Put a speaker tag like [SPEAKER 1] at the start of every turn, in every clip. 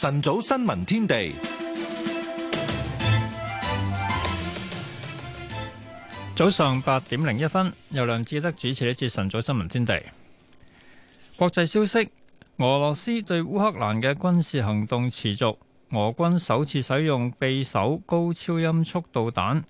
[SPEAKER 1] 晨早新聞天地，
[SPEAKER 2] 早上八點零一分，由梁志德主持一次晨早新聞天地。國際消息：俄羅斯對烏克蘭嘅軍事行動持續，俄軍首次使用匕首高超音速導彈，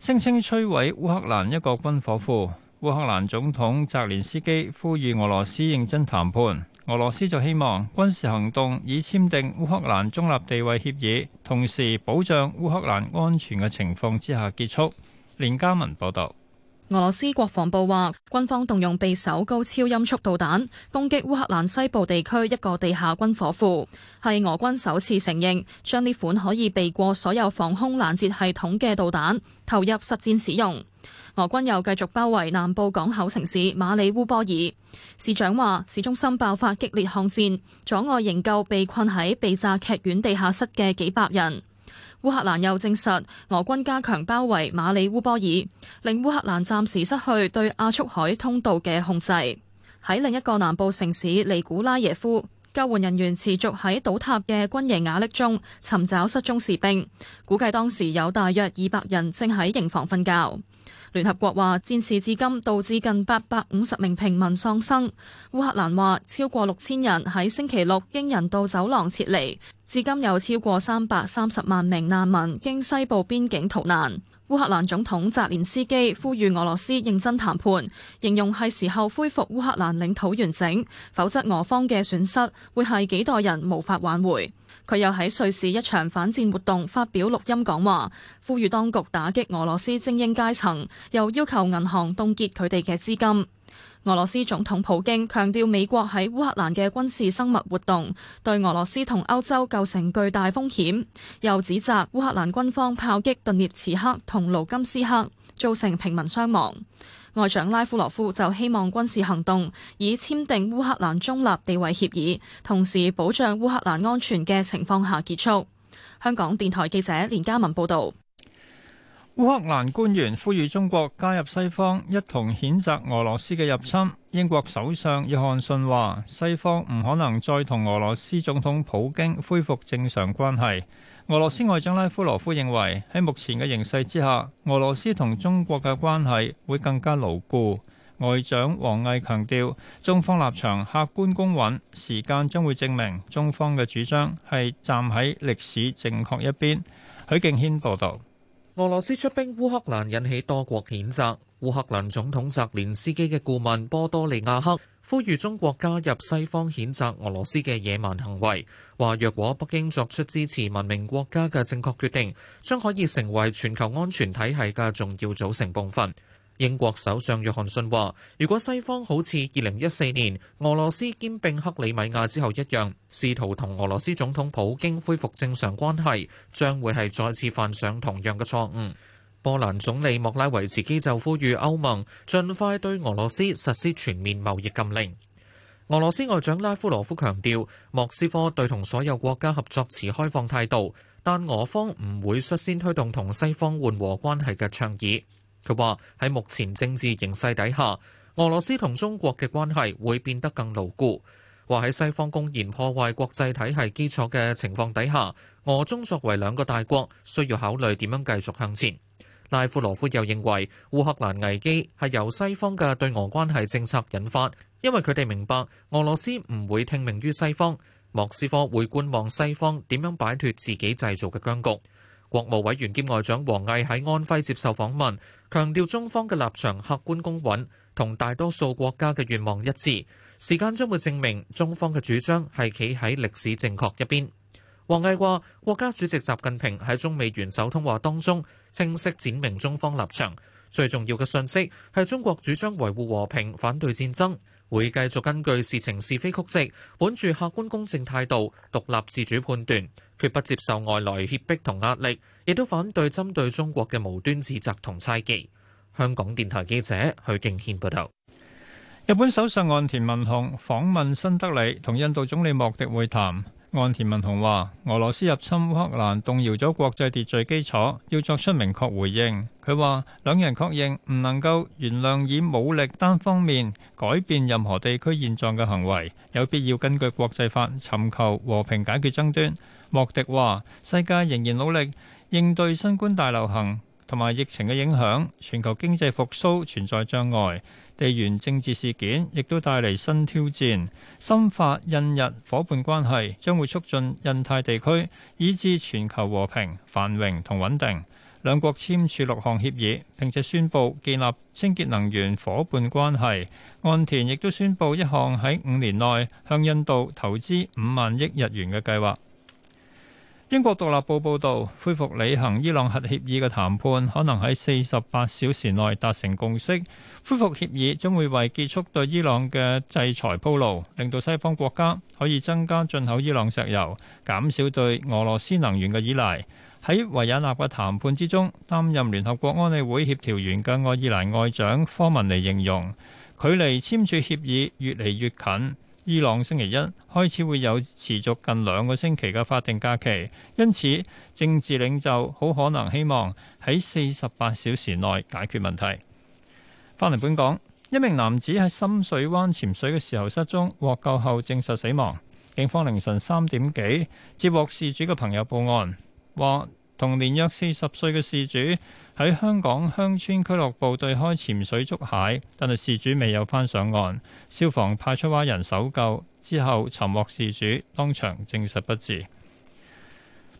[SPEAKER 2] 聲稱摧毀烏克蘭一個軍火庫。烏克蘭總統澤連斯基呼籲俄羅斯認真談判。俄羅斯就希望軍事行動以簽訂烏克蘭中立地位協議，同時保障烏克蘭安全嘅情況之下結束。連嘉文報導，
[SPEAKER 3] 俄羅斯國防部話，軍方動用匕首高超音速導彈攻擊烏克蘭西部地區一個地下軍火庫，係俄軍首次承認將呢款可以避過所有防空攔截系統嘅導彈投入實戰使用。俄軍又繼續包圍南部港口城市馬里烏波爾，市長話市中心爆發激烈巷戰，阻礙營救被困喺被炸劇院地下室嘅幾百人。烏克蘭又證實俄軍，俄軍加強包圍馬里烏波爾，令烏克蘭暫時失去對亞速海通道嘅控制。喺另一個南部城市尼古拉耶夫，救援人員持續喺倒塌嘅軍營瓦礫中尋找失蹤士兵，估計當時有大約二百人正喺營房瞓覺。聯合國話戰事至今導致近八百五十名平民喪生。烏克蘭話超過六千人喺星期六經人道走廊撤離，至今有超過三百三十萬名難民經西部邊境逃難。烏克蘭總統澤連斯基呼籲俄羅斯認真談判，形容係時候恢復烏克蘭領土完整，否則俄方嘅損失會係幾代人無法挽回。佢又喺瑞士一場反戰活動發表錄音講話，呼籲當局打擊俄羅斯精英階層，又要求銀行凍結佢哋嘅資金。俄羅斯總統普京強調，美國喺烏克蘭嘅軍事生物活動對俄羅斯同歐洲構成巨大風險，又指責烏克蘭軍方炮擊頓涅茨克同盧甘斯克，造成平民傷亡。外長拉夫羅夫就希望軍事行動以簽訂烏克蘭中立地位協議，同時保障烏克蘭安全嘅情況下結束。香港電台記者連嘉文報導。
[SPEAKER 2] 烏克蘭官員呼籲中國加入西方，一同譴責俄羅斯嘅入侵。英國首相約翰遜話：西方唔可能再同俄羅斯總統普京恢復正常關係。俄羅斯外長拉夫羅夫認為，喺目前嘅形勢之下，俄羅斯同中國嘅關係會更加牢固。外長王毅強調，中方立場客觀公允，時間將會證明中方嘅主張係站喺歷史正確一邊。許敬軒報道。俄羅斯出兵烏克蘭引起多
[SPEAKER 4] 國譴責，烏克蘭總統澤連斯基嘅顧問波多利亞克呼籲中國加入西方譴責俄羅斯嘅野蠻行為，話若果北京作出支持文明國家嘅正確決定，將可以成為全球安全體系嘅重要組成部分。英國首相約翰遜話，如果西方好似二零一四年俄羅斯兼併克里米亞之後一樣，試圖同俄羅斯總統普京恢復正常關係，將會係再次犯上同樣嘅錯誤。波蘭總理莫拉維茨基就呼籲歐盟盡快對俄羅斯實施全面貿易禁令。俄羅斯外長拉夫羅夫強調，莫斯科對同所有國家合作持開放態度，但俄方唔會率先推動同西方緩和關係嘅倡議。佢話喺目前政治形勢底下，俄羅斯同中國嘅關係會變得更牢固。話喺西方公然破壞國際體系基礎嘅情況底下，俄中作為兩個大國，需要考慮點樣繼續向前。拉夫羅夫又認為，烏克蘭危機係由西方嘅對俄關係政策引發，因為佢哋明白俄羅斯唔會聽命於西方，莫斯科會觀望西方點樣擺脫自己製造嘅僵局。國務委員兼外長王毅喺安徽接受訪問，強調中方嘅立場客觀公允，同大多數國家嘅願望一致。時間將會證明中方嘅主張係企喺歷史正確一邊。王毅話：國家主席習近平喺中美元首通話當中，清晰闡明中方立場。最重要嘅信息係中國主張維護和平，反對戰爭，會繼續根據事情是非曲直，本住客觀公正態度，獨立自主判斷。決不接受外來脅迫同壓力，亦都反對針對中國嘅無端指責同猜忌。
[SPEAKER 2] 香港電台記者許敬軒報道。日本首相岸田文雄訪問新德里，同印度總理莫迪會談。岸田文雄話：俄羅斯入侵烏克蘭，動搖咗國際秩序基礎，要作出明確回應。佢話兩人確認唔能夠原諒以武力單方面改變任何地區現狀嘅行為，有必要根據國際法尋求和平解決爭端。莫迪話：世界仍然努力應對新冠大流行同埋疫情嘅影響，全球經濟復甦存在障礙，地緣政治事件亦都帶嚟新挑戰。深化印日伙伴關係將會促進印太地區以至全球和平、繁榮同穩定。兩國簽署六項協議，並且宣布建立清潔能源伙伴關係。岸田亦都宣布一項喺五年內向印度投資五萬億日元嘅計劃。英國獨立報報道，恢復履行伊朗核協議嘅談判可能喺四十八小時內達成共識。恢復協議將會為結束對伊朗嘅制裁鋪路，令到西方國家可以增加進口伊朗石油，減少對俄羅斯能源嘅依賴。喺維也納嘅談判之中，擔任聯合國安理會協調員嘅愛爾蘭外長科文尼形容，距離簽署協議越嚟越近。伊朗星期一開始會有持續近兩個星期嘅法定假期，因此政治領袖好可能希望喺四十八小時內解決問題。返嚟本港，一名男子喺深水灣潛水嘅時候失蹤，獲救後證實死亡。警方凌晨三點幾接獲事主嘅朋友報案，話，同年約四十歲嘅事主喺香港鄉村俱樂部對開潛水捉蟹，但係事主未有返上岸。消防派出蛙人搜救之後，尋獲事主，當場證實不治。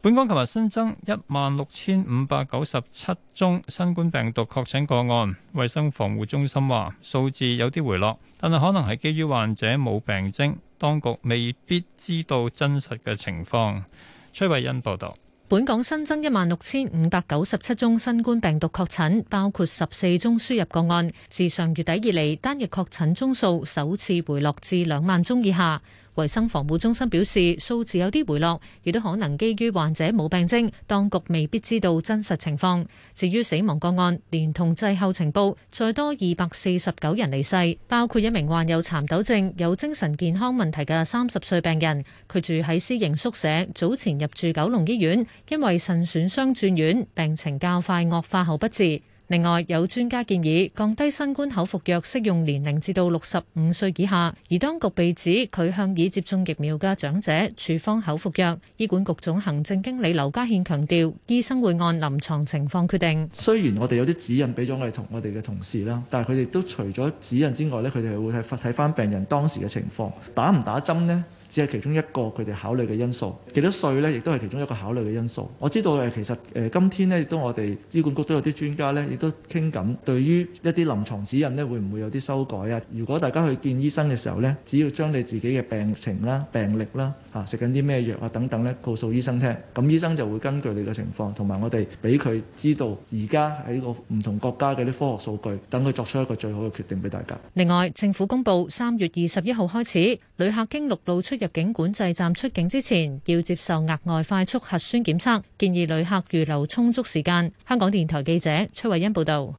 [SPEAKER 2] 本港琴日新增一萬六千五百九十七宗新冠病毒確診個案，衞生防護中心話數字有啲回落，但係可能係基於患者冇病徵，當局未必知道真實嘅情況。崔慧欣報
[SPEAKER 5] 道。本港新增一萬六千五百九十七宗新冠病毒確診，包括十四宗輸入個案。自上月底以嚟，單日確診宗數首次回落至兩萬宗以下。衛生防護中心表示，數字有啲回落，亦都可能基於患者冇病徵，當局未必知道真實情況。至於死亡個案，連同滯後情報，再多二百四十九人離世，包括一名患有蠶豆症、有精神健康問題嘅三十歲病人，佢住喺私營宿舍，早前入住九龍醫院，因為腎損傷轉院，病情較快惡化後不治。另外，有專家建議降低新冠口服藥適用年齡至到六十五歲以下，而當局被指佢向已接種疫苗嘅長者處方口服藥。醫管局總行政經理劉家憲強調，醫生會按臨床情況決定。
[SPEAKER 4] 雖然我哋有啲指引俾咗我哋同我哋嘅同事啦，但係佢哋都除咗指引之外咧，佢哋會睇睇翻病人當時嘅情況，打唔打針呢？只係其中一個佢哋考慮嘅因素，幾多歲咧，亦都係其中一個考慮嘅因素。我知道誒，其實誒，今天咧亦都我哋醫管局都有啲專家咧，亦都傾緊對於一啲臨床指引咧，會唔會有啲修改啊？如果大家去見醫生嘅時候咧，只要將你自己嘅病情啦、病歷啦。啊！食緊啲咩藥啊？等等呢，告訴醫生聽。咁醫生就會根據你嘅情況，同埋我哋俾佢知道而家喺個唔同國家嘅啲科學數據，等佢作出一個最好嘅決定俾大家。
[SPEAKER 5] 另外，政府公布三月二十一號開始，旅客經陸路出入境管制站出境之前，要接受額外快速核酸檢測。建議旅客預留充足時間。香港電台記者崔慧欣報道。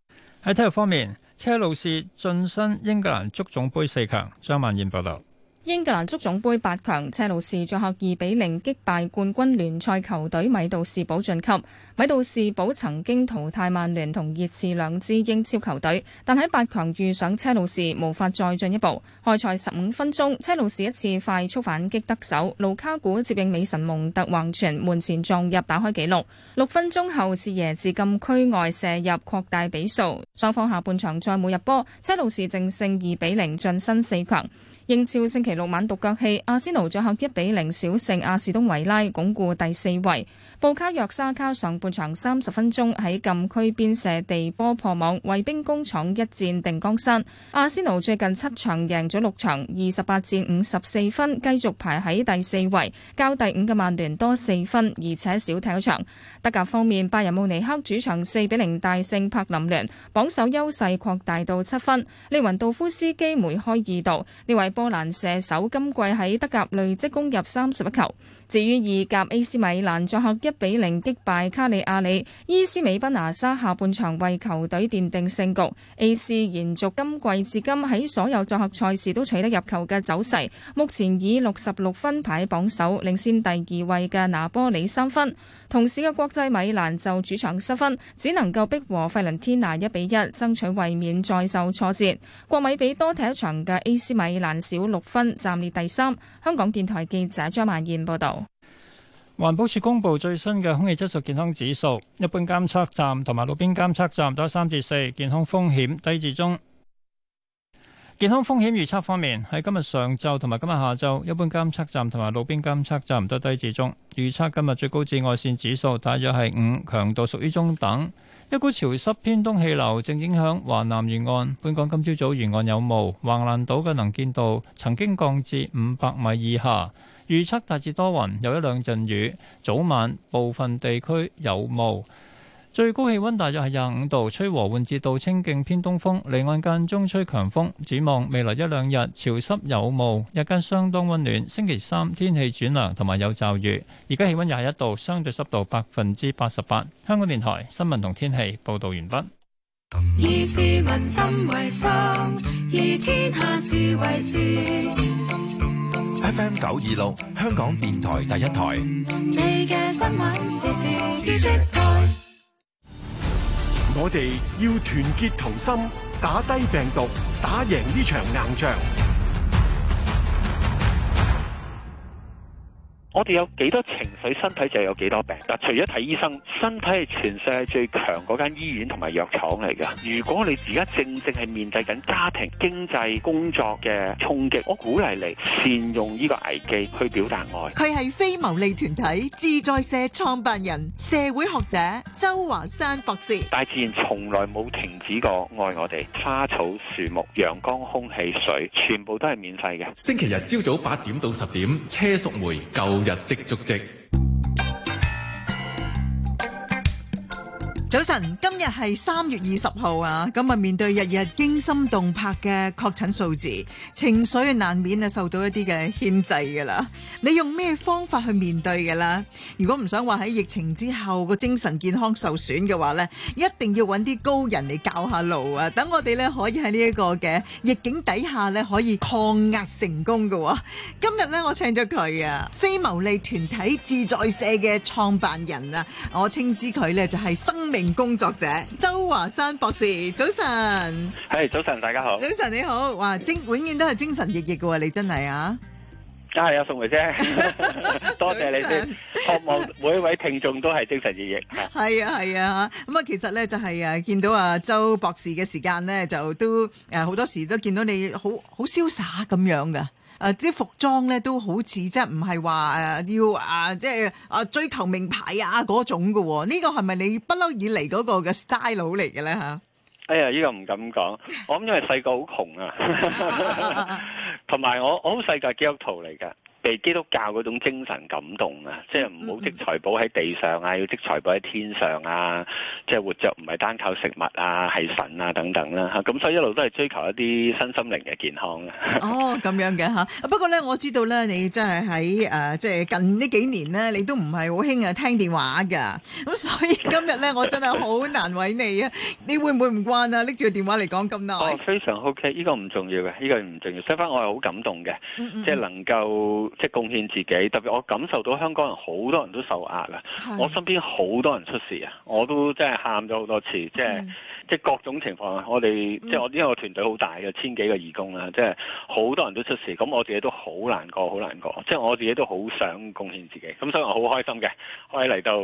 [SPEAKER 2] 喺體育方面，車路士晉身英格蘭足總杯四強。張萬燕報道。
[SPEAKER 6] 英格蘭足總杯八強，車路士作客二比零擊敗冠軍聯賽球隊米杜士堡晉級。米杜士堡曾經淘汰曼聯同熱刺兩支英超球隊，但喺八強遇上車路士，無法再進一步。開賽十五分鐘，車路士一次快速反擊得手，盧卡古接應美神蒙特橫傳門前撞入打開紀錄。六分鐘後，施耶治禁區外射入擴大比數。雙方下半場再冇入波，車路士淨勝二比零晉身四強。英超星期六晚獨角戲，阿仙奴作客一比零小勝阿士東維拉，鞏固第四位。布卡約沙卡上半場三十分鐘喺禁區邊射地波破網，為兵工廠一戰定江山。阿仙奴最近七場贏咗六場，二十八戰五十四分，繼續排喺第四位，較第五嘅曼聯多四分，而且少踢一場。德甲方面，拜仁慕尼黑主場四比零大勝柏林聯，榜首優勢擴大到七分。利雲道夫斯基梅，梅開二度，呢位波蘭射手今季喺德甲累積攻入三十一球。至於意甲 A.C. 米蘭作客。一比零擊敗卡利亞里，伊斯美賓拿沙下半場為球隊奠定勝局。A.C. 延續今季至今喺所有作客賽事都取得入球嘅走勢，目前以六十六分排榜首，領先第二位嘅拿波里三分。同時嘅國際米蘭就主場失分，只能夠逼和費倫天拿一比一，1，爭取衛冕再受挫折。國米比多踢一場嘅 A.C. 米蘭少六分，暫列第三。香港電台記者張曼燕報道。
[SPEAKER 2] 環保署公布最新嘅空氣質素健康指數，一般監測站同埋路邊監測站都係三至四，健康風險低至中。健康風險預測方面，喺今日上晝同埋今日下晝，一般監測站同埋路邊監測站都低至中。預測今日最高紫外線指數大約係五，強度屬於中等。一股潮濕偏東氣流正影響華南沿岸，本港今朝早沿岸有霧，橫瀾島嘅能見度曾經降至五百米以下。預測大致多雲，有一兩陣雨，早晚部分地區有霧，最高氣溫大約係廿五度，吹和緩至到清勁偏東風，離岸間中吹強風。展望未來一兩日潮濕有霧，日間相當溫暖。星期三天氣轉涼同埋有驟雨，而家氣溫廿一度，相對濕度百分之八十八。香港電台新聞同天氣報道完畢。
[SPEAKER 4] 以
[SPEAKER 1] FM 九二六，26，香港電台第一台。我哋要團結同心，打低病毒，打贏呢場硬仗。我哋有幾多情緒，身體就有幾多病。嗱，除咗睇醫生，身體係全世界最強嗰間醫院同埋藥廠嚟㗎。如果你而家正正係面對緊家庭、經濟、工作嘅衝擊，我鼓勵你善用呢個危機去表達愛。佢
[SPEAKER 7] 係非牟利團體、自在社創辦人、社會學者周華山博士。
[SPEAKER 1] 大自然從來冇停止過愛我哋，花草樹木、陽光、空氣、水，全部都係免費嘅。星期日朝早八點到十點，車淑梅舊救日的足跡。Yeah,
[SPEAKER 7] 早晨，今日係三月二十號啊！咁啊，面對日日驚心動魄嘅確診數字，情緒難免啊受到一啲嘅牽制噶啦。你用咩方法去面對噶啦？如果唔想話喺疫情之後個精神健康受損嘅話咧，一定要揾啲高人嚟教下路啊！等我哋咧可以喺呢一個嘅逆境底下咧可以抗壓成功噶。今日咧我請咗佢啊，非牟利團體志在社嘅創辦人啊，我稱之佢咧就係生命工作者周華山博士，早晨，
[SPEAKER 1] 係、hey, 早晨，大家好，早
[SPEAKER 7] 晨你好，哇，精永遠都係精神奕奕噶，你真係啊，
[SPEAKER 1] 係啊，啊，宋梅姐， 多謝晨你先，希望每一位聽眾都係精神奕奕，
[SPEAKER 7] 係 啊係啊咁啊，其實咧就係、是、啊，見到啊周博士嘅時間咧，就都誒好、啊、多時都見到你好好瀟灑咁樣噶。誒啲、啊、服裝咧都好似即係唔係話誒要啊即係啊追求名牌啊嗰種嘅喎，呢、啊、個係咪你不嬲以嚟嗰個嘅 style 嚟嘅咧嚇？
[SPEAKER 1] 哎呀，呢、呢個唔敢講，我諗因為細個好窮啊，同 埋我我好細個係基督徒嚟噶。被基督教嗰種精神感動啊，即係唔好積財寶喺地上啊，要積財寶喺天上啊，即係活着唔係單靠食物啊，係神啊等等啦嚇。咁所以一路都係追求一啲身心靈嘅健康
[SPEAKER 7] 啊。哦，咁樣嘅嚇。不過咧，我知道咧，你真係喺誒，即係近呢幾年咧，你都唔係好興啊聽電話㗎。咁所以今日咧，我真係好難為你啊。你會唔會唔慣啊？拎住個電話嚟講咁耐。哦，
[SPEAKER 1] 非常 OK，呢個唔重要嘅，呢個唔重要。相反，我係好感動嘅，即係能夠。即係貢獻自己，特別我感受到香港人好多人都受壓啦。的我身邊好多人出事啊，我都真係喊咗好多次，的即係即係各種情況啊。我哋即係我因為我團隊好大嘅千幾個義工啦，即係好多人都出事，咁我自己都
[SPEAKER 3] 好難過好難過，即係我自己都好想貢獻自己，咁所以我好開心嘅，可以嚟到。